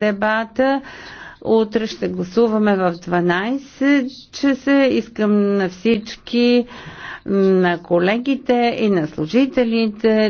дебата. Утре ще гласуваме в 12 часа. Искам на всички, на колегите и на служителите